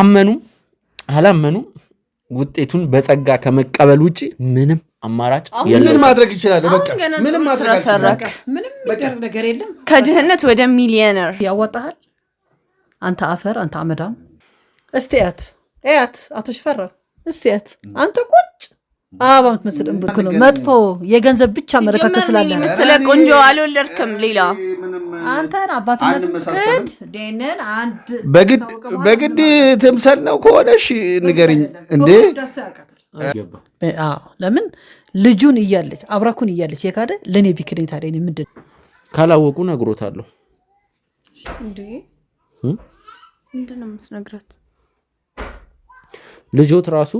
አመኑም አላመኑም ውጤቱን በጸጋ ከመቀበል ውጭ ምንም አማራጭ ምን ማድረግ ይችላል? ምንም ሰራክ፣ ምንም ነገር ነገር የለም። ከድህነት ወደ ሚሊዮነር ያወጣሃል። አንተ አፈር፣ አንተ አመዳም። እስቲ ያት ያት አቶ ሽፈራ እስቲ ያት አንተ ቁጭ በምትመስል እምብክ ነው መጥፎ የገንዘብ ብቻ መረካከብ ስላለ ስለ ቆንጆ አልወለድክም። ሌላ አንተን አባትነት ቅድ ደንን በግድ ትምሰል ነው ከሆነሽ ንገርኝ እንዴ። ለምን ልጁን እያለች አብራኩን እያለች የካደ ለእኔ ቢክደኝ ታዲያ እኔ ምንድን ካላወቁ ነግሮታለሁ። ምንድን ነው የምትነግራት ልጆት ራሱ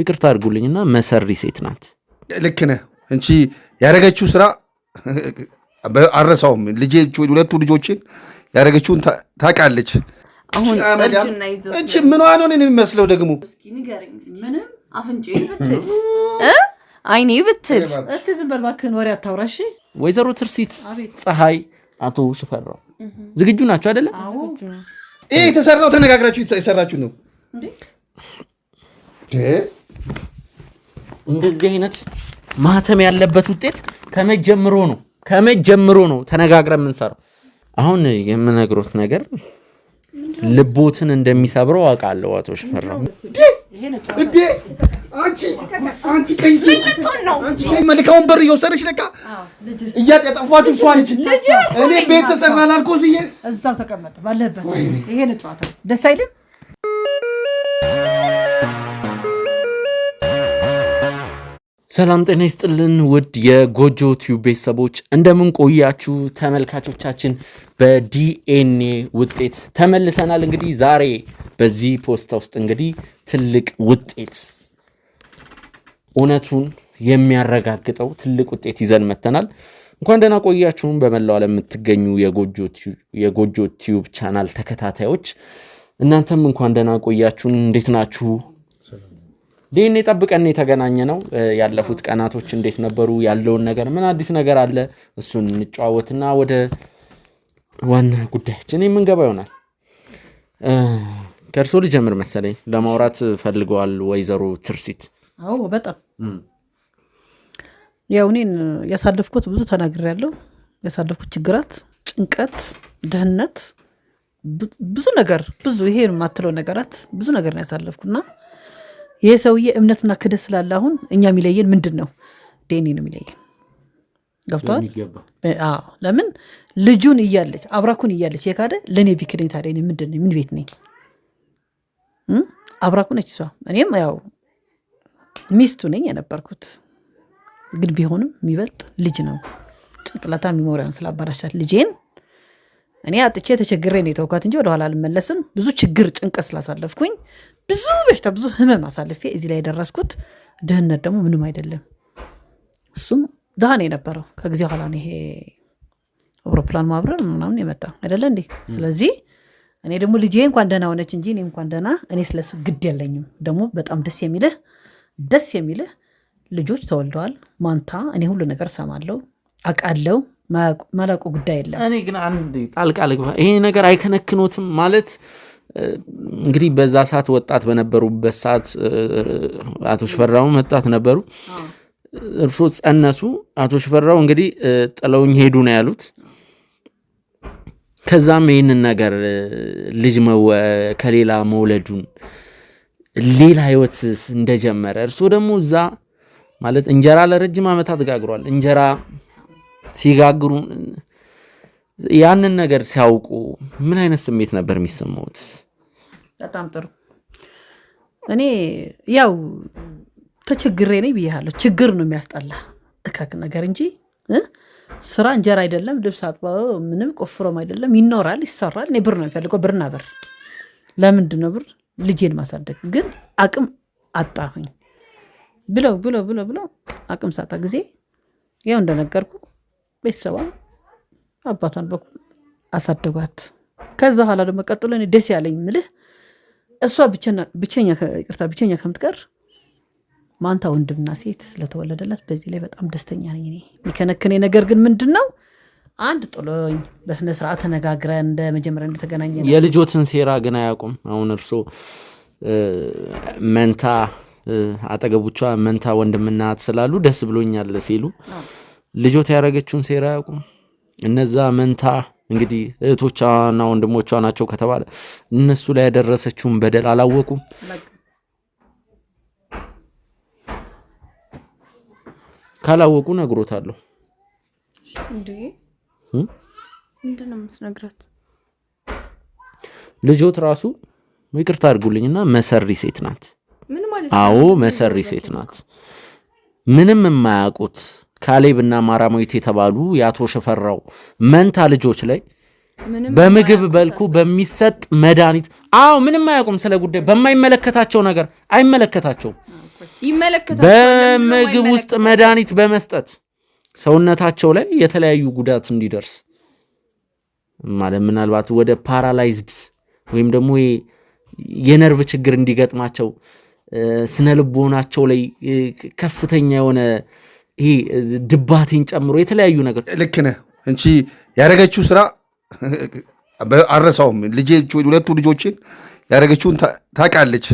ይቅርታ አድርጉልኝና መሰሪ ሴት ናት። ልክ ነህ። እንቺ ያደረገችው ስራ አረሳውም። ሁለቱ ልጆችን ያደረገችውን ታውቃለች። አሁን ምን ሆነ የሚመስለው ደግሞ አይኔ ብትል እስቲ ዝም በል እባክህን፣ ወሬ አታውራሽ። ወይዘሮ ትርሲት ፀሐይ፣ አቶ ሽፈራው ዝግጁ ናቸው አይደለ? ይህ የተሰራው ተነጋግራችሁ የሰራችሁ ነው። እንደዚህ አይነት ማተም ያለበት ውጤት ከመጀምሮ ነው ከመጀምሮ ነው ተነጋግረን የምንሰራው። አሁን የምነግሮት ነገር ልቦትን እንደሚሰብረው አውቃለሁ። አቶ ሽፈራው መልካውን በር እየወሰደች ለካ እያጥ ያጠፏችሁ እሷ ነች። እኔ ቤት ተሰራ ላልኩህ እዛው ተቀመጠ ባለበት ይሄን ጨዋታ ደስ አይልም። ሰላም ጤና ይስጥልን ውድ የጎጆ ቲዩብ ቤተሰቦች እንደምን ቆያችሁ? ተመልካቾቻችን በዲኤንኤ ውጤት ተመልሰናል። እንግዲህ ዛሬ በዚህ ፖስታ ውስጥ እንግዲህ ትልቅ ውጤት እውነቱን የሚያረጋግጠው ትልቅ ውጤት ይዘን መተናል። እንኳን ደህና ቆያችሁን በመላው ዓለም የምትገኙ የጎጆ ቲዩብ ቻናል ተከታታዮች እናንተም እንኳን ደህና ቆያችሁን። እንዴት ናችሁ? ዲኤንኤ ጠብቀን የተገናኘ ነው። ያለፉት ቀናቶች እንዴት ነበሩ? ያለውን ነገር ምን አዲስ ነገር አለ? እሱን እንጨዋወትና ወደ ዋና ጉዳያችን የምንገባ ይሆናል። ከእርሶ ልጀምር መሰለኝ። ለማውራት ፈልገዋል ወይዘሮ ትርሲት? አዎ በጣም ያው እኔን ያሳለፍኩት ብዙ ያለው ያሳለፍኩት ችግራት፣ ጭንቀት፣ ድህነት፣ ብዙ ነገር ብዙ ይሄ የማትለው ነገራት ብዙ ነገር ነው ያሳለፍኩና ይሄ ሰውዬ እምነትና ክደት ስላለ አሁን እኛ የሚለየን ምንድን ነው? ዴኒ ነው የሚለየን። ገብተዋል። ለምን ልጁን እያለች አብራኩን እያለች የካደ ለእኔ ቢክደኝ ታዲያ እኔ ምንድን ነኝ? ምን ቤት ነኝ? አብራኩ ነች እሷ። እኔም ያው ሚስቱ ነኝ የነበርኩት፣ ግን ቢሆንም የሚበልጥ ልጅ ነው። ጭንቅላታ ሚሞሪያን ስላባራሻት ልጄን እኔ አጥቼ ተቸግሬ ነው የተውኳት እንጂ ወደኋላ አልመለስም። ብዙ ችግር ጭንቀት ስላሳለፍኩኝ ብዙ በሽታ ብዙ ህመም አሳልፌ እዚህ ላይ የደረስኩት። ድህነት ደግሞ ምንም አይደለም። እሱም ድሃ ነው የነበረው። ከጊዜ ኋላ ነው ይሄ አውሮፕላን ማብረር ምናምን የመጣ አይደለ እንዴ? ስለዚህ እኔ ደግሞ ልጄ እንኳን ደህና ሆነች እንጂ እኔ እንኳን ደህና እኔ ስለሱ ግድ የለኝም። ደግሞ በጣም ደስ የሚልህ ደስ የሚልህ ልጆች ተወልደዋል። ማንታ እኔ ሁሉ ነገር ሰማለው አቃለው ማላቆ ጉዳይ የለም። እኔ ግን አንድ ጣልቃ ልግባ። ይሄ ነገር አይከነክኖትም ማለት እንግዲህ በዛ ሰዓት ወጣት በነበሩበት ሰዓት አቶ ሽፈራው ወጣት ነበሩ፣ እርሶ ጸነሱ። አቶ ሽፈራው እንግዲህ ጥለውኝ ሄዱ ነው ያሉት። ከዛም ይህንን ነገር ልጅ ከሌላ መውለዱን ሌላ ህይወት እንደጀመረ እርሶ ደግሞ እዛ ማለት እንጀራ ለረጅም ዓመታት ጋግሯል እንጀራ ሲጋግሩ ያንን ነገር ሲያውቁ ምን አይነት ስሜት ነበር የሚሰማውት? በጣም ጥሩ። እኔ ያው ተቸግሬ ነኝ ብያለሁ። ችግር ነው የሚያስጠላ እከክ ነገር እንጂ ስራ እንጀራ አይደለም። ልብስ አጥባ ምንም ቆፍሮም አይደለም። ይኖራል፣ ይሰራል። እኔ ብር ነው የሚፈልገው፣ ብርና ብር። ለምንድን ነው ብር? ልጄን ማሳደግ ግን አቅም አጣሁኝ ብለው ብለው ብለው ብለው አቅም ሳጣ ጊዜ ያው እንደነገርኩ ቤተሰቧ አባቷን በኩል አሳደጓት። ከዛ ኋላ ደግሞ ቀጥሎ እኔ ደስ ያለኝ ምልህ እሷ ብቸኛ ይቅርታ ብቸኛ ከምትቀር ማንታ ወንድምና ሴት ስለተወለደላት በዚህ ላይ በጣም ደስተኛ ነኝ እኔ። የሚከነክኔ ነገር ግን ምንድን ነው አንድ ጥሎኝ በስነ ስርዓት ተነጋግረን እንደ መጀመሪያ እንደተገናኘ የልጆትን ሴራ ግን አያውቁም። አሁን እርሶ መንታ አጠገቦቿ መንታ ወንድምናት ስላሉ ደስ ብሎኛል ሲሉ ልጆት ያደረገችውን ሴራ አያውቁም። እነዛ መንታ እንግዲህ እህቶቿና ወንድሞቿ ናቸው ከተባለ እነሱ ላይ ያደረሰችውን በደል አላወቁም። ካላወቁ ነግሮታለሁ። ልጆት ራሱ ይቅርታ አድርጉልኝና መሰሪ ሴት ናት። አዎ መሰሪ ሴት ናት። ምንም የማያውቁት ካሌብና ማራማዊት የተባሉ የአቶ ሽፈራው መንታ ልጆች ላይ በምግብ በልኩ በሚሰጥ መድኃኒት አዎ፣ ምንም አያውቁም ስለ ጉዳይ በማይመለከታቸው ነገር አይመለከታቸውም። በምግብ ውስጥ መድኃኒት በመስጠት ሰውነታቸው ላይ የተለያዩ ጉዳት እንዲደርስ ማለት ምናልባት ወደ ፓራላይዝድ ወይም ደግሞ የነርቭ ችግር እንዲገጥማቸው ስነ ልቦናቸው ላይ ከፍተኛ የሆነ ይሄ ድባቴን ጨምሮ የተለያዩ ነገር ልክ ነህ ያደረገችው ስራ አረሳውም። ሁለቱ ልጆችን ያደረገችውን ታውቃለች፣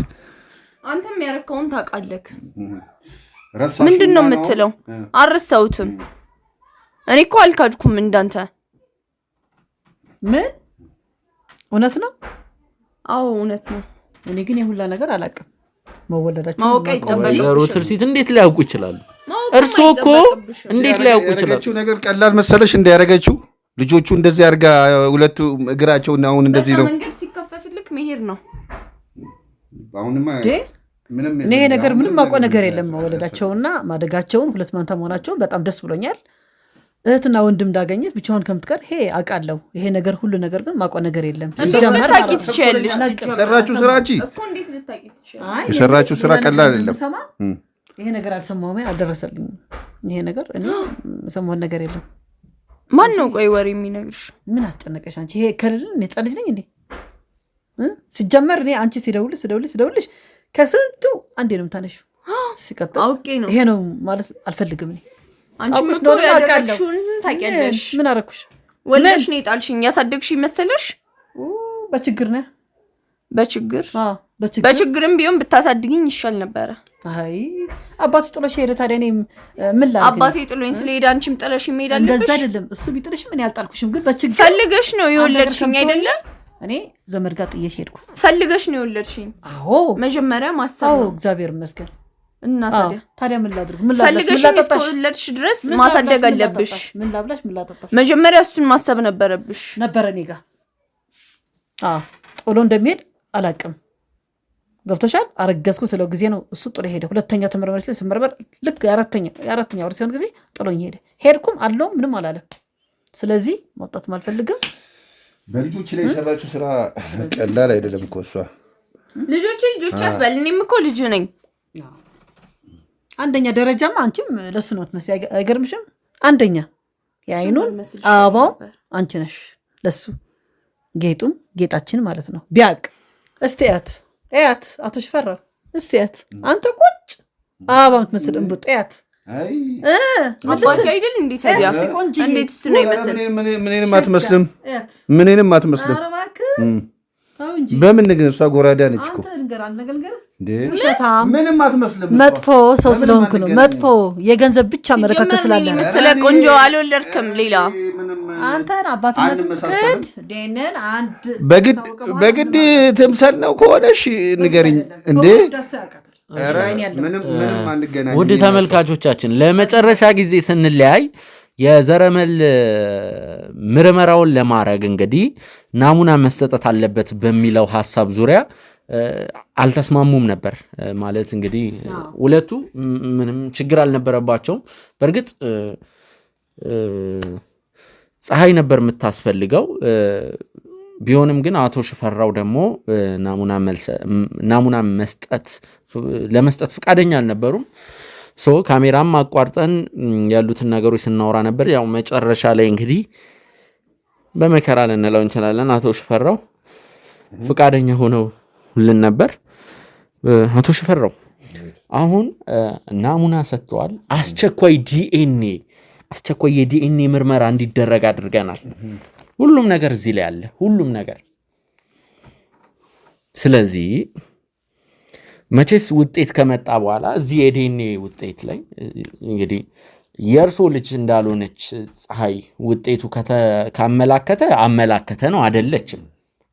አንተም ያረከውን ታውቃለህ። ምንድን ነው የምትለው? አረሳውትም እኔ እኮ አልካድኩም እንዳንተ። ምን እውነት ነው? አዎ እውነት ነው። እኔ ግን የሁላ ነገር አላውቅም። መወለዳቸው ማወቅ እንዴት ሊያውቁ ይችላሉ? እርሶ እኮ እንዴት ሊያውቁ ይችላል? ነገር ቀላል መሰለሽ? እንደ ያደረገችው ልጆቹ እንደዚህ አድርጋ ሁለቱ እግራቸውን አሁን እንደዚህ ነው። መንገድ ሲከፈትልክ መሄድ ነው። ይሄ ነገር ምንም አውቀው ነገር የለም። መወለዳቸውና ማደጋቸውን ሁለት መንታ መሆናቸውን በጣም ደስ ብሎኛል። እህትና ወንድም እንዳገኘት ብቻውን ከምትቀር ሄ አውቃለሁ። ይሄ ነገር ሁሉ ነገር ግን ማውቀው ነገር የለም። የሰራችሁ ስራ ቀላል አይደለም። ይሄ ነገር አልሰማሁም፣ አልደረሰልኝም። ይሄ ነገር እኔ ሰማሁት ነገር የለም። ማን ነው ቆይ ወሬ የሚነግርሽ? ምን አስጨነቀሽ አንቺ? ይሄ ከልልን እኔ ጸልጅ ነኝ እንዴ? ሲጀመር እኔ አንቺ ሲደውልሽ ሲደውልሽ ሲደውልሽ ከስንቱ አንዴ ነው የምታነሺው። ሲቀጥል አውቄ ነው ይሄ ነው ማለት አልፈልግም። ምን አረኩሽ? ወለሽ ነው የጣልሽኝ? ያሳደግሽ መሰለሽ? በችግር ነ በችግር በችግርም ቢሆን ብታሳድግኝ ይሻል ነበረ። አይ አባቱ ጥሎሽ ሄደ። ታዲያ እኔም ምን ላድርግ? አባቴ ጥሎኝ ስለሄደ አንቺም ጥለሽ መሄድ አለብሽ። እንደዛ አይደለም። እሱ ቢጥልሽ ምን ያልጣልኩሽም፣ ግን በችግር ፈልገሽ ነው የወለድሽኝ አይደለም። እኔ ዘመድ ጋር ጥየሽ ሄድኩ። ፈልገሽ ነው የወለድሽኝ። አዎ መጀመሪያ ማሰብ ነው። እግዚአብሔር ይመስገን። እና ታዲያ ታዲያ ምን ላድርግ? ምን ላድርግ? ፈልገሽ እስከወለድሽ ድረስ ማሳደግ አለብሽ። ምን ላብላሽ? ምን ላጠጣሽ? መጀመሪያ እሱን ማሰብ ነበረብሽ። ነበረ እኔ ጋር ቶሎ እንደሚሄድ አላቅም ገብቶሻል። አረገዝኩ ስለው ጊዜ ነው እሱ ጥሎ ሄደ። ሁለተኛ ተመርመር ሲል ስመርመር ልክ አራተኛ ወር ሲሆን ጊዜ ጥሎኝ ሄደ። ሄድኩም አለውም ምንም አላለም። ስለዚህ መውጣት አልፈልግም። በልጆች ላይ የሰራችው ስራ ቀላል አይደለም እኮ እሷ ልጆች ልጆች አትበል። እኔም እኮ ልጅ ነኝ። አንደኛ ደረጃማ አንቺም ለሱ ነው ትመስ አይገርምሽም? አንደኛ የአይኑን አበባውም አንቺ ነሽ፣ ለሱ ጌጡም ጌጣችን ማለት ነው። ቢያቅ እስቲያት እያት አቶ ሽፈራ እስቲ እያት አንተ ቁጭ አበባ የምትመስል እንቡጥ እያት ምንንም አትመስልም። ምንንም አትመስልም። በምን ግን እሷ ጎራዳ ነች እኮ ምንም አትመስልም። መጥፎ ሰው ስለሆንክ ነው። መጥፎ የገንዘብ ብቻ አመለካከት ስላለ ስለ ቆንጆ አልወለድክም። ሌላ አንተን አባትነት በግድ ትምሰል ነው ከሆነሽ እንዴ። ውድ ተመልካቾቻችን ለመጨረሻ ጊዜ ስንለያይ የዘረመል ምርመራውን ለማድረግ እንግዲህ ናሙና መሰጠት አለበት በሚለው ሀሳብ ዙሪያ አልተስማሙም ነበር ማለት እንግዲህ ሁለቱ ምንም ችግር አልነበረባቸውም። በእርግጥ ፀሐይ ነበር የምታስፈልገው። ቢሆንም ግን አቶ ሽፈራው ደግሞ ናሙና መስጠት ለመስጠት ፍቃደኛ አልነበሩም። ሶ ካሜራም አቋርጠን ያሉትን ነገሮች ስናወራ ነበር። ያው መጨረሻ ላይ እንግዲህ በመከራ ልንለው እንችላለን አቶ ሽፈራው ፍቃደኛ ሆነው ልን ነበር አቶ ሽፈራው አሁን ናሙና ሰጥተዋል። አስቸኳይ ዲኤንኤ አስቸኳይ የዲኤንኤ ምርመራ እንዲደረግ አድርገናል። ሁሉም ነገር እዚህ ላይ አለ፣ ሁሉም ነገር። ስለዚህ መቼስ ውጤት ከመጣ በኋላ እዚህ የዲኤንኤ ውጤት ላይ እንግዲህ የእርሶ ልጅ እንዳልሆነች ፀሐይ ውጤቱ ካመላከተ አመላከተ ነው፣ አደለችም።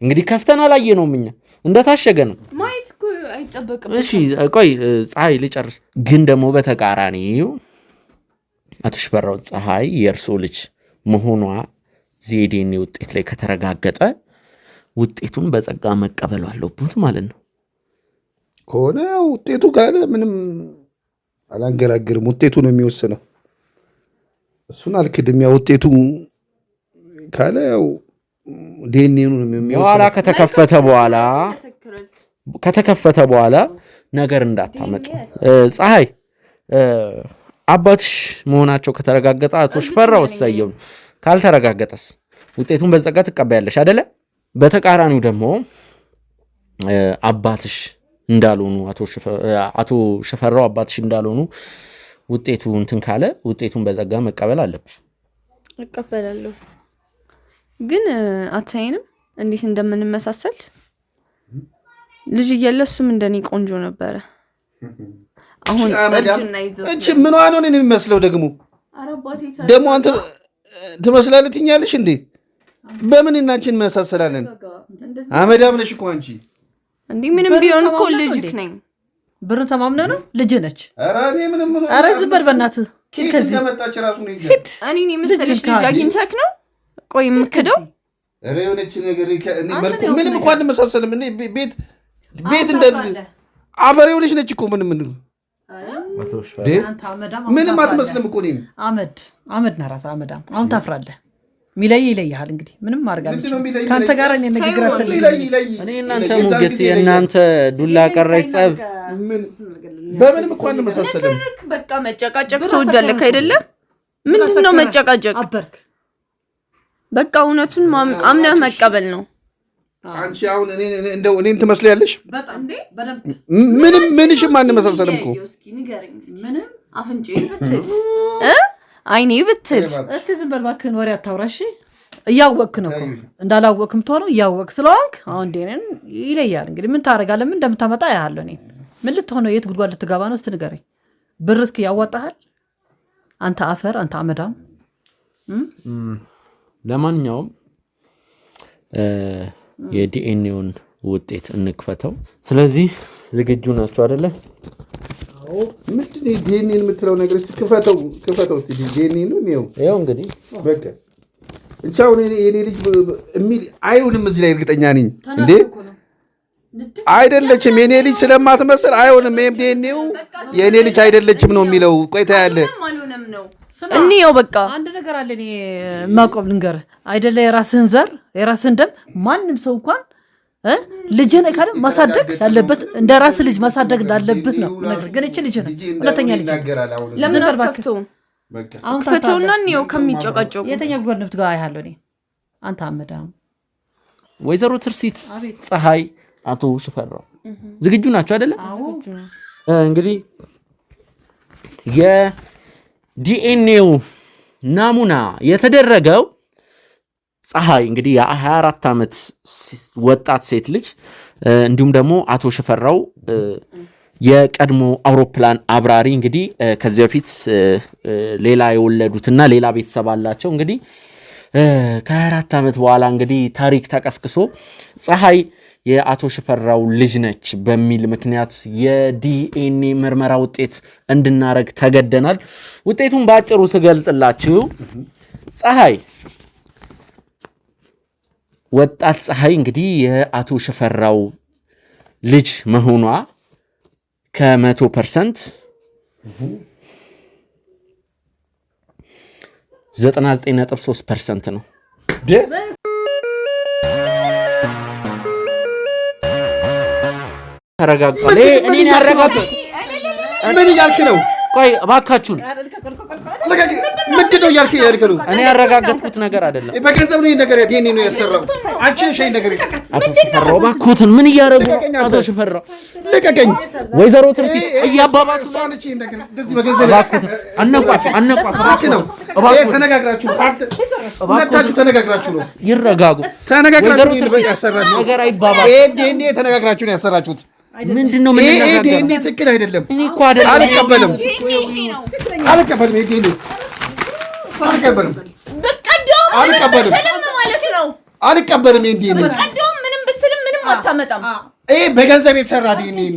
እንግዲህ ከፍተን አላየ ነው እኛ እንደታሸገ ነው ማየት እኮ አይጠበቅም። እሺ ቆይ ፀሐይ ልጨርስ። ግን ደግሞ በተቃራኒ አቶ ሽፈራው ፀሐይ የእርሶ ልጅ መሆኗ ዜዴኔ ውጤት ላይ ከተረጋገጠ ውጤቱን በጸጋ መቀበሉ አለብዎት ማለት ነው። ከሆነ ውጤቱ ካለ ምንም አላንገላግልም። ውጤቱ ነው የሚወስነው። እሱን አልክድም። ያ ውጤቱ ካለ ያው በኋላ ከተከፈተ በኋላ ከተከፈተ በኋላ ነገር እንዳታመጡ። ፀሐይ አባትሽ መሆናቸው ከተረጋገጠ አቶ ሽፈራው ወሳየው ካልተረጋገጠስ ውጤቱን በጸጋ ትቀበያለሽ አደለ? በተቃራኒው ደግሞ አባትሽ እንዳልሆኑ አቶ ሽፈራው አባትሽ እንዳልሆኑ ውጤቱ እንትን ካለ ውጤቱን በጸጋ መቀበል አለብሽ። እቀበላለሁ። ግን አታይንም እንዴት እንደምንመሳሰል? ልጅ እያለ እሱም እንደኔ ቆንጆ ነበረ። አሁን እርጅና ምን ሆነ ነው የሚመስለው? ደግሞ ደግሞ አንተ ትመስላለህ ትኛለሽ እንዴ? በምን እናንቺ እንመሳሰላለን? አመዳም ነሽ እኮ አንቺ። እንዴ ምንም ቢሆን እኮ ልጅ ነኝ። ብር ተማምነ ነው ልጅ ነች። ኧረ ዝም በል በእናትህ። ከዚህ እኔ መሰለሽ ልጅ አግኝተህ ነው ቆይ የምክደው የሆነች ነገር መልኩ ምንም እኮ አንመሳሰልም። ቤት ቤት እንደ አፈር የሆነች ነች እኮ ምን ምን ምንም አትመስልም እኮ እኔ አመድ አመድ ና ራስህ አመዳም። አሁን ታፍራለህ። ሚለይ ይለይሃል። እንግዲህ ምንም አድርጋ ከአንተ ጋር ንግግር እናንተ ሙግት የእናንተ ዱላ ቀረች ጸብ በምንም እኮ አንመሳሰልም። በቃ መጨቃጨቅ ትወዳለህ አይደለም? ምንድን ነው መጨቃጨቅ? በቃ እውነቱን አምነህ መቀበል ነው። አንቺ አሁን እንደው እኔን ትመስለያለሽ። ምንም ምንሽም አንመሳሰልም እኮ አይኔ ብትል እስቲ ዝም በል እባክህን፣ ወሬ አታውራሽ። እያወቅክ ነው እንዳላወቅክ የምትሆነው እያወቅ ስለሆንክ አሁን ዴንን ይለያል። እንግዲህ ምን ታደርጋለህ? ምን እንደምታመጣ ያለሁ እኔ ምን ልትሆነው የት ጉድጓድ ልትገባ ነው? እስቲ ንገረኝ። ብር እስኪ ያዋጣሃል? አንተ አፈር፣ አንተ አመዳም ለማንኛውም የዲኤንኤውን ውጤት እንክፈተው። ስለዚህ ዝግጁ ናቸው አደለ? ምንድን የምትለው ነገር? ክፈተው ክፈተው ይኸው እንግዲህ በቃ የኔ ልጅ የሚል አይሆንም። እዚህ ላይ እርግጠኛ ነኝ። እንዴ አይደለችም፣ የኔ ልጅ ስለማትመስል አይሆንም። ይሄም ዲኤንኤው ልጅ አይደለችም ነው የሚለው። ቆይታ ያለ እንየው በቃ አንድ ነገር አለ። እኔ ማቆብ ልንገር አይደለ የራስህን ዘር የራስህን ደም ማንም ሰው እንኳን ልጅን ካለ ማሳደግ ያለበት እንደ ራስ ልጅ ማሳደግ እንዳለብህ ነው። ነገር ግን እች ልጅ ነው ሁለተኛ ልጅ ለምን አልከፍቶ ክፍቶና እንየው ከሚጨቃጨቁ የተኛ ጉበር ጉድነፍት ጋር አይሃለሁ እኔ አንተ አመዳም ወይዘሮ ትርሲት ፀሐይ፣ አቶ ሽፈራው ዝግጁ ናቸው አይደለም እንግዲህ ዲኤንኤው ናሙና የተደረገው ፀሐይ እንግዲህ የ24 ዓመት ወጣት ሴት ልጅ እንዲሁም ደግሞ አቶ ሽፈራው የቀድሞ አውሮፕላን አብራሪ እንግዲህ ከዚህ በፊት ሌላ የወለዱትና ሌላ ቤተሰብ አላቸው። እንግዲህ ከ24 ዓመት በኋላ እንግዲህ ታሪክ ተቀስቅሶ ፀሐይ የአቶ ሽፈራው ልጅ ነች በሚል ምክንያት የዲኤንኤ ምርመራ ውጤት እንድናረግ ተገደናል። ውጤቱን በአጭሩ ስገልጽላችሁ ፀሐይ ወጣት ፀሐይ እንግዲህ የአቶ ሽፈራው ልጅ መሆኗ ከመቶ ፐርሰንት 99.3 ፐርሰንት ነው። ተረጋጋ። እኔን ያረጋጋ። ምን እያልክ ነው? ቆይ እባካችሁን፣ ምንድን ነው እያልክ ያልክ ነው? እኔ ያረጋገጥኩት ነገር አይደለም። በገንዘብ ነው ነገር ይሄኔ ነው ያሰራው። አንቺ ሸይ ነገር አቶ ሽፈራው እባክዎትን፣ ምን እያረጉ አቶ ሽፈራው? ልቀቀኝ። ወይዘሮ ትርሲት እያባባሱ አነቋቸው፣ ተነጋግራችሁ ነው። ይረጋጉ። ተነጋግራችሁ ነው ያሰራችሁት ምንድን ነው የምንነጋገረው? ትክክል አይደለም። አልቀበልም፣ አልቀበልም፣ አልቀበልም፣ አልቀበልም። ምንም ብትልም ምንም አታመጣም። ይሄ በገንዘብ የተሰራ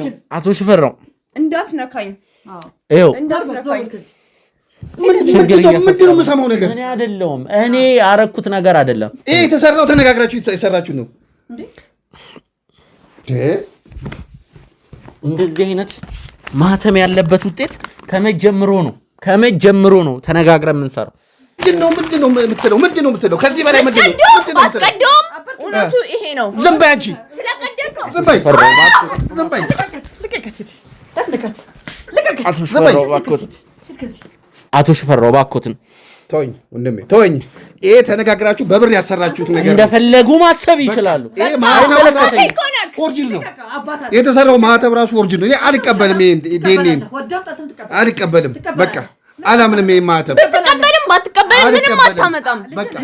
ነው። አቶ ሽፈራው እንዳትነካኝ ምንድን ነው የምሰማው ነገር? እኔ አይደለሁም እኔ ያረኩት ነገር አይደለም። ይሄ የተሰራው ተነጋግራችሁ የሰራችሁ ነው። እንደዚህ አይነት ማህተም ያለበት ውጤት ከመጀምሮ ነው ከመጀምሮ ነው ተነጋግረን የምንሰራው። ምንድነው ምንድነው የምትለው ምንድነው የምትለው ከዚህ በላይ ምንድነው? እውነቱ ይሄ ነው። ዝም በይ አንቺ ዝም በይ ዝም በይ አቶ ሽፈራው ባኮትን ተወኝ ወንድሜ ተወኝ። ይሄ ተነጋግራችሁ በብር ያሰራችሁት ነገር እንደፈለጉ ማሰብ ይችላሉ። ይሄ ማህተም ፎርጅን ነው የተሰራው። ማህተብ ራሱ ፎርጅን ነው። አልቀበልም፣ ዴኔን አልቀበልም። በቃ አላምንም። ይህ ማህተብ ትቀበልም አትቀበልም፣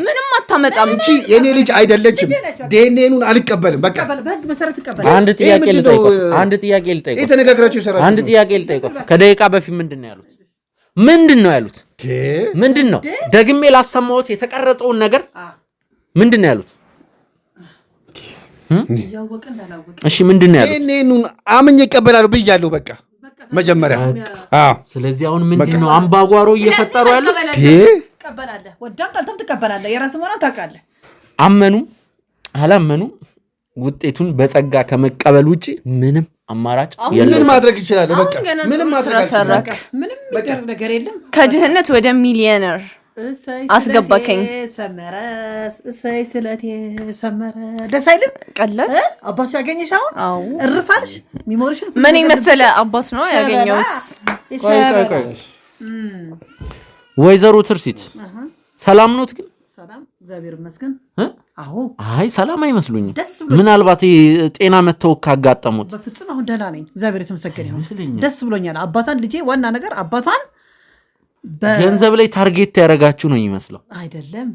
ምንም አታመጣም፣ እቺ የኔ ልጅ አይደለችም። ዴኔኑን አልቀበልም። በቃ አንድ ጥያቄ ልጠይቆት፣ አንድ ጥያቄ ልጠይቆት፣ የተነጋግራችሁ ይሰራችሁ። አንድ ጥያቄ ልጠይቆት። ከደቂቃ በፊት ምንድን ነው ያሉት? ምንድን ነው ያሉት? ምንድን ነው ደግሜ ላሰማሁት የተቀረጸውን ነገር ምንድን ነው ያሉት? እሺ ምንድን ነው ያሉት? አምኜ ይቀበላሉ ብያለሁ። በቃ መጀመሪያ ስለዚህ አሁን ምንድን ነው አምባጓሮ እየፈጠሩ ያለው? ወዳም ጠልተም ትቀበላለህ። የራስ መሆኑን ታውቃለህ። አመኑ አላመኑ ውጤቱን በጸጋ ከመቀበል ውጭ ምንም አማራጭ ምን ማድረግ ይችላል? ምንም ማድረግ ምንም ነገር የለም። ከድህነት ወደ ሚሊየነር አስገባከኝ። ሰመረ እሰይ፣ ስለቴ ሰመረ። ደስ አይልም? ቀላል አባት ያገኘሽ አሁን እርፋልሽ። ሚሞሪሽን ምን መሰለ አባት ነው ያገኘሁት። ወይዘሮ ትርሲት ሰላም ኖት ግን እግዚአብሔር ይመስገን። አይ ሰላም አይመስሉኝም። ምናልባት ጤና መተው ካጋጠሙት። በፍጹም አሁን ደህና ነኝ፣ እግዚአብሔር የተመሰገነ ይሁን። ደስ ብሎኛል። አባቷን ልጄ፣ ዋና ነገር አባቷን ገንዘብ ላይ ታርጌት ያደረጋችሁ ነው የሚመስለው። አይደለም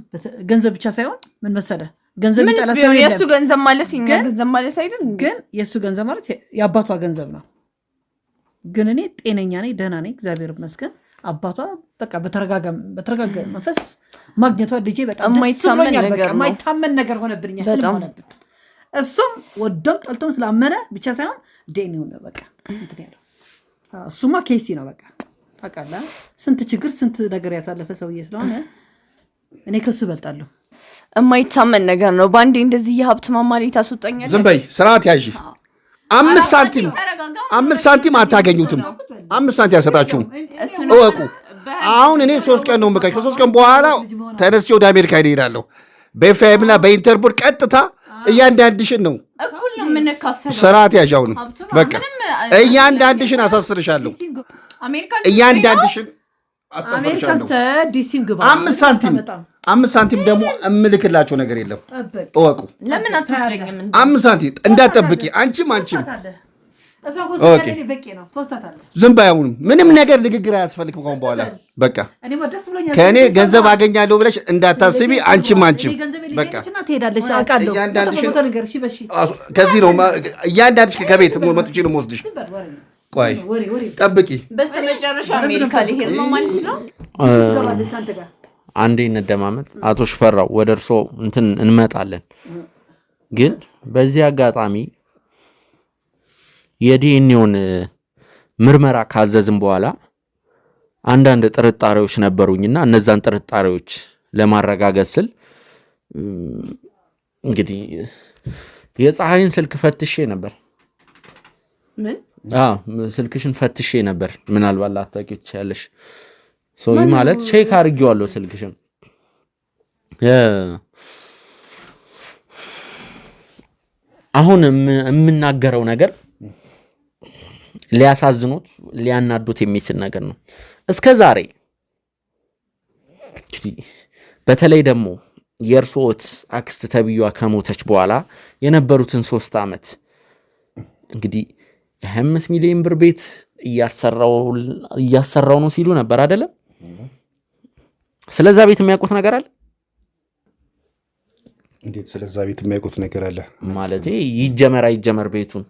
ገንዘብ ብቻ ሳይሆን ምን መሰለ ገንዘብ የእሱ ገንዘብ ማለት ገንዘብ ማለት አይደል? ግን የእሱ ገንዘብ ማለት የአባቷ ገንዘብ ነው። ግን እኔ ጤነኛ ነኝ፣ ደህና ነኝ፣ እግዚአብሔር ይመስገን። አባቷ በቃ በተረጋጋ መንፈስ ማግኘቷ ልጄ በጣም ደስ ብሎኛል። በቃ የማይታመን ነገር ሆነብኛል፣ ህልም ሆነብን። እሱም ወዶም ጠልቶም ስላመነ ብቻ ሳይሆን ዴኒ ሆነ በቃ እንትን ያለው እሱማ ኬሲ ነው በቃ ታውቃለህ፣ ስንት ችግር ስንት ነገር ያሳለፈ ሰውዬ ስለሆነ እኔ ከሱ እበልጣለሁ። የማይታመን ነገር ነው። በአንዴ እንደዚህ የሀብት ማማሌ ታስወጣኛለህ። ዝም በይ፣ ስርዓት ያዥ። አምስት ሳንቲም አምስት ሳንቲም አታገኙትም። አምስት ሳንቲም አይሰጣችሁም፣ እወቁ። አሁን እኔ ሶስት ቀን ነው የምቀኝ። ከሶስት ቀን በኋላ ተነስቼ ወደ አሜሪካ እሄዳለሁ። በኤፍአይም በኢንተርፖል ቀጥታ እያንዳንድሽን ነው ስርዓት ያዣውንም በቃ እያንዳንድሽን አሳስርሻለሁ። እያንዳንድሽን አስጠፈርሻለሁ። ዲሲም ግባ። አምስት ሳንቲም አምስት ሳንቲም ደግሞ እምልክላቸው ነገር የለም እወቁ። አምስት ሳንቲም እንዳጠብቂ አንቺም አንቺም ዝም በይ። ምንም ነገር ንግግር አያስፈልግም ከአሁን በኋላ በቃ። ከእኔ ገንዘብ አገኛለሁ ብለሽ እንዳታስቢ አንቺም አንቺም በቃ። ከዚህ ነው እያንዳንድሽ ከቤት መጥቼ ነው የምወስድሽ ቆይ ጠብቂ። በስተመጨረሻ አሜሪካ ሊሄድ ነው ማለት ነው። አንዴ እንደማመጥ። አቶ ሽፈራው ወደ እርሶ እንትን እንመጣለን፣ ግን በዚህ አጋጣሚ የዲኤንኤውን ምርመራ ካዘዝን በኋላ አንዳንድ ጥርጣሬዎች ነበሩኝና እነዛን ጥርጣሬዎች ለማረጋገጥ ስል እንግዲህ የፀሐይን ስልክ ፈትሼ ነበር። ምን ስልክሽን ፈትሼ ነበር። ምናልባት ላታውቂ ትችያለሽ ማለት ቼክ አድርጌዋለሁ ስልክሽን አሁን የምናገረው ነገር ሊያሳዝኑት ሊያናዱት የሚችል ነገር ነው። እስከ ዛሬ በተለይ ደግሞ የእርስዎት አክስት ተብዬዋ ከሞተች በኋላ የነበሩትን ሶስት ዓመት እንግዲህ የ25 ሚሊዮን ብር ቤት እያሰራው ነው ሲሉ ነበር አይደለም። ስለዛ ቤት የሚያውቁት ነገር አለ። እንዴት ስለዛ ቤት የሚያውቁት ነገር አለ ማለት ይጀመር አይጀመር፣ ቤቱን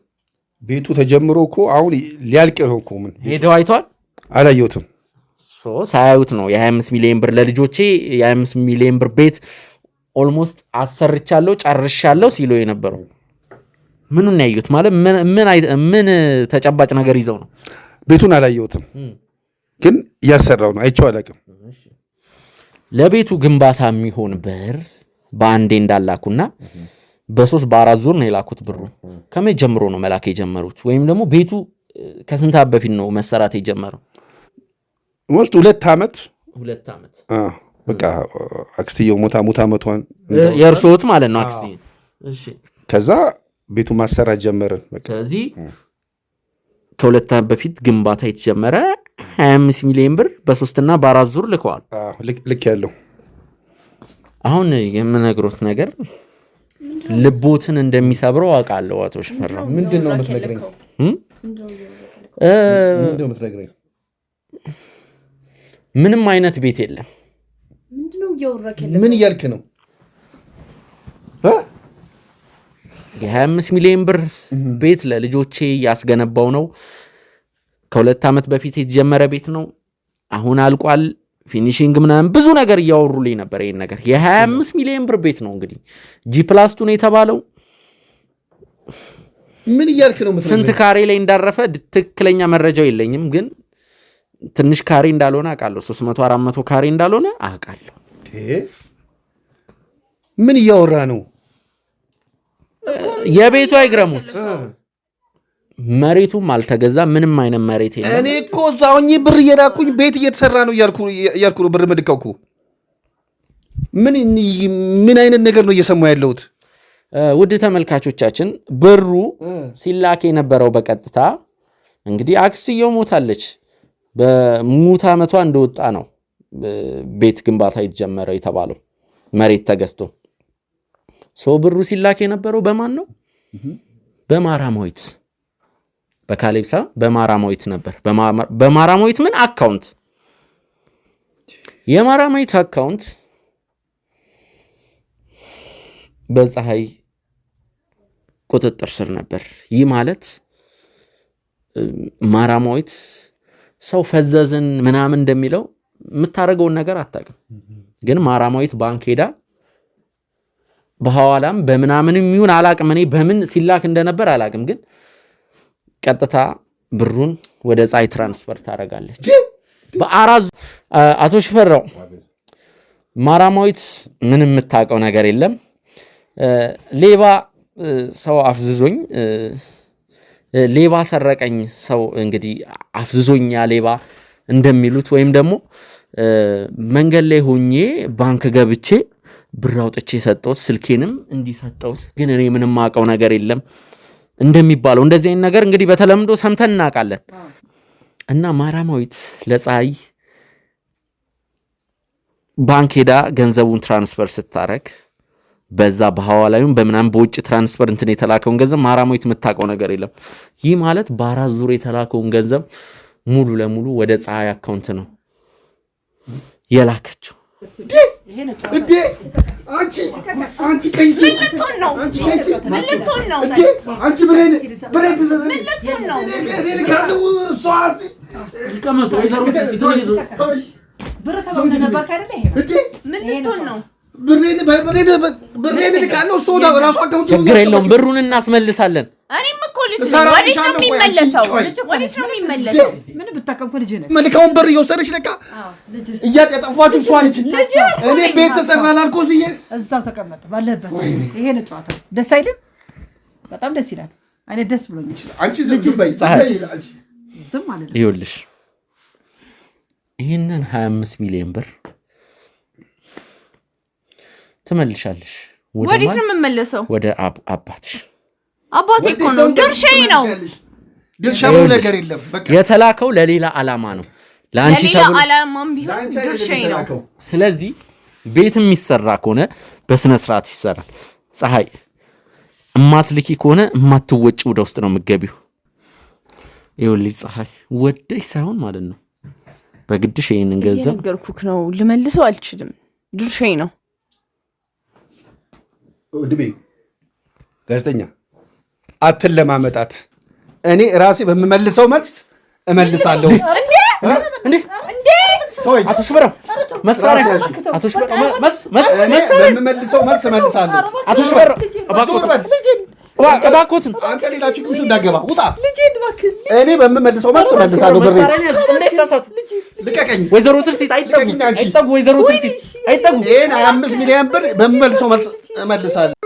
ቤቱ ተጀምሮ እኮ አሁን ሊያልቅ ነው እኮ። ምን ሄደው አይቷል? አላየሁትም። ሳያዩት ነው የ25 ሚሊዮን ብር ለልጆቼ የ25 ሚሊዮን ብር ቤት ኦልሞስት አሰርቻለሁ ጨርሻለሁ ሲሉ የነበረው ምኑን ያዩት ማለት ምን ተጨባጭ ነገር ይዘው ነው? ቤቱን አላየሁትም፣ ግን እያሰራው ነው አይቼው አላውቅም። ለቤቱ ግንባታ የሚሆን ብር በአንዴ እንዳላኩና በሶስት በአራት ዙር ነው የላኩት። ብሩ ከመቼ ጀምሮ ነው መላክ የጀመሩት? ወይም ደግሞ ቤቱ ከስንት ዓመት በፊት ነው መሰራት የጀመረው? ውስጥ ሁለት ዓመት ሁለት ዓመት በቃ አክስትየው ሞታ ሞታ መቷን የእርስዎት ማለት ነው አክስትየው። ከዛ ቤቱ ማሰራት ጀመርን። ስለዚህ ከሁለት ዓመት በፊት ግንባታ የተጀመረ 25 ሚሊዮን ብር በሶስትና በአራት ዙር ልከዋል። ልክ ያለው አሁን የምነግሮት ነገር ልቦትን እንደሚሰብረው አውቃለሁ። አቶ ሽፈራ ምንድን ነው የምትነግረኝ? ምንም አይነት ቤት የለም። ምን እያልክ ነው? የ25 ሚሊዮን ብር ቤት ለልጆቼ እያስገነባው ነው። ከሁለት ዓመት በፊት የተጀመረ ቤት ነው። አሁን አልቋል። ፊኒሽንግ ምናምን ብዙ ነገር እያወሩልኝ ነበር። ይህን ነገር የ25 ሚሊዮን ብር ቤት ነው እንግዲህ ጂ ፕላስቱን የተባለው። ምን እያልክ ነው? ስንት ካሬ ላይ እንዳረፈ ትክክለኛ መረጃው የለኝም፣ ግን ትንሽ ካሬ እንዳልሆነ አውቃለሁ። 300 400 ካሬ እንዳልሆነ አውቃለሁ። ምን እያወራ ነው? የቤቷ ይግረሙት መሬቱም አልተገዛ። ምንም አይነት መሬት የለም። እኔ እኮ እዛ ሆኜ ብር እየላኩኝ ቤት እየተሰራ ነው እያልኩ ነው። ብር ምድካው እኮ ምን ምን አይነት ነገር ነው እየሰማ ያለሁት? ውድ ተመልካቾቻችን ብሩ ሲላክ የነበረው በቀጥታ እንግዲህ አክስትየው ሞታለች። በሙት ዓመቷ እንደወጣ ነው ቤት ግንባታ የተጀመረው የተባለው መሬት ተገዝቶ ሰው ብሩ ሲላክ የነበረው በማን ነው? በማራማዊት በካሌብሳ በማራማዊት ነበር። በማራማዊት ምን አካውንት የማራማዊት አካውንት በፀሐይ ቁጥጥር ስር ነበር። ይህ ማለት ማራማዊት ሰው ፈዘዝን ምናምን እንደሚለው የምታደርገውን ነገር አታውቅም። ግን ማራማዊት ባንክ ሄዳ በኋላም በምናምንም ይሁን አላቅም፣ እኔ በምን ሲላክ እንደነበር አላቅም። ግን ቀጥታ ብሩን ወደ ፀሐይ ትራንስፈር ታደርጋለች። በአራዝ አቶ ሽፈራው ማራማዊት ምንም የምታውቀው ነገር የለም። ሌባ ሰው አፍዝዞኝ ሌባ ሰረቀኝ፣ ሰው እንግዲህ አፍዝዞኛ ሌባ እንደሚሉት ወይም ደግሞ መንገድ ላይ ሆኜ ባንክ ገብቼ ብር አውጥቼ የሰጠሁት ስልኬንም እንዲሰጠሁት ግን እኔ ምንም ማውቀው ነገር የለም እንደሚባለው እንደዚህ አይነት ነገር እንግዲህ በተለምዶ ሰምተን እናውቃለን። እና ማራማዊት ለፀሐይ ባንክ ሄዳ ገንዘቡን ትራንስፈር ስታረግ በዛ በሐዋላዊም በምናም በውጭ ትራንስፈር እንትን የተላከውን ገንዘብ ማራማዊት የምታውቀው ነገር የለም። ይህ ማለት በአራት ዙር የተላከውን ገንዘብ ሙሉ ለሙሉ ወደ ፀሐይ አካውንት ነው የላከችው። እንዴ አንቺ አንቺ ቀይሲ ምን ልትሆን ነው? ምን ልትሆን ነው? እንዴ አንቺ ብሬን ብሬን ምን ልትሆን ነው? እኔ ካለው እሷ አሲ ይቀመጡ ወይዘሮ ይተይዙ ብር ተባብለ ነበር ካይደለ? ይሄ እንዴ ምን ልትሆን ነው? ብሬን ብሬን ብሬን ካለው እሷ ራሷ ጋር ችግር የለውም ብሩን እናስመልሳለን። እኔማ ወዴት ነው የሚመለሰው? ወዴት ነው የሚመለሰው? ምን ብታቀም ልጅ ነህ። መልካውን በር እየወሰደች እያጠፋችሁ እሷ እኔ ቤት እዛው ተቀመጠ ባለበት። ይሄ ጨዋታ። ደስ አይልም? በጣም ደስ ይላል። ደስ ብሎኛል። ዝም አለ። ይኸውልሽ ይህንን ሀያ አምስት ሚሊዮን ብር ትመልሻለሽ። ወዴት ነው የምመለሰው? ወደ አባትሽ አባቴ እኮ ነው ድርሻዬ ነው ድርሻ ነገር የለም። የተላከው ለሌላ አላማ ነው። ለአንቺ አላማም ቢሆን ድርሻዬ ነው። ስለዚህ ቤት የሚሰራ ከሆነ በስነ ስርዓት ይሰራል። ፀሐይ እማትልኪ ከሆነ እማትወጪ ወደ ውስጥ ነው የምትገቢው። ይኸውልሽ ፀሐይ ወደሽ ሳይሆን ማለት ነው በግድሽ ይህንን ገንዘብ ነገርኩህ ነው ልመልሰው አልችልም። ድርሻዬ ነው። ድቤ ጋዜጠኛ አትለማመጣት። እኔ ራሴ በምመልሰው መልስ እመልሳለሁ። በምመልሰው መልስ እመልሳለሁ። እባክዎትን አንተ ሌላ ችግር ውስጥ እንዳገባ ውጣ። እኔ በምመልሰው መልስ እመልሳለሁ። ብሬ ልቀቀኝ። ወይዘሮ ትርሲት አይጠጉ ወይዘሮ ትርሲት አይጠጉ። አምስት ሚሊዮን ብር በምመልሰው መልስ እመልሳለሁ።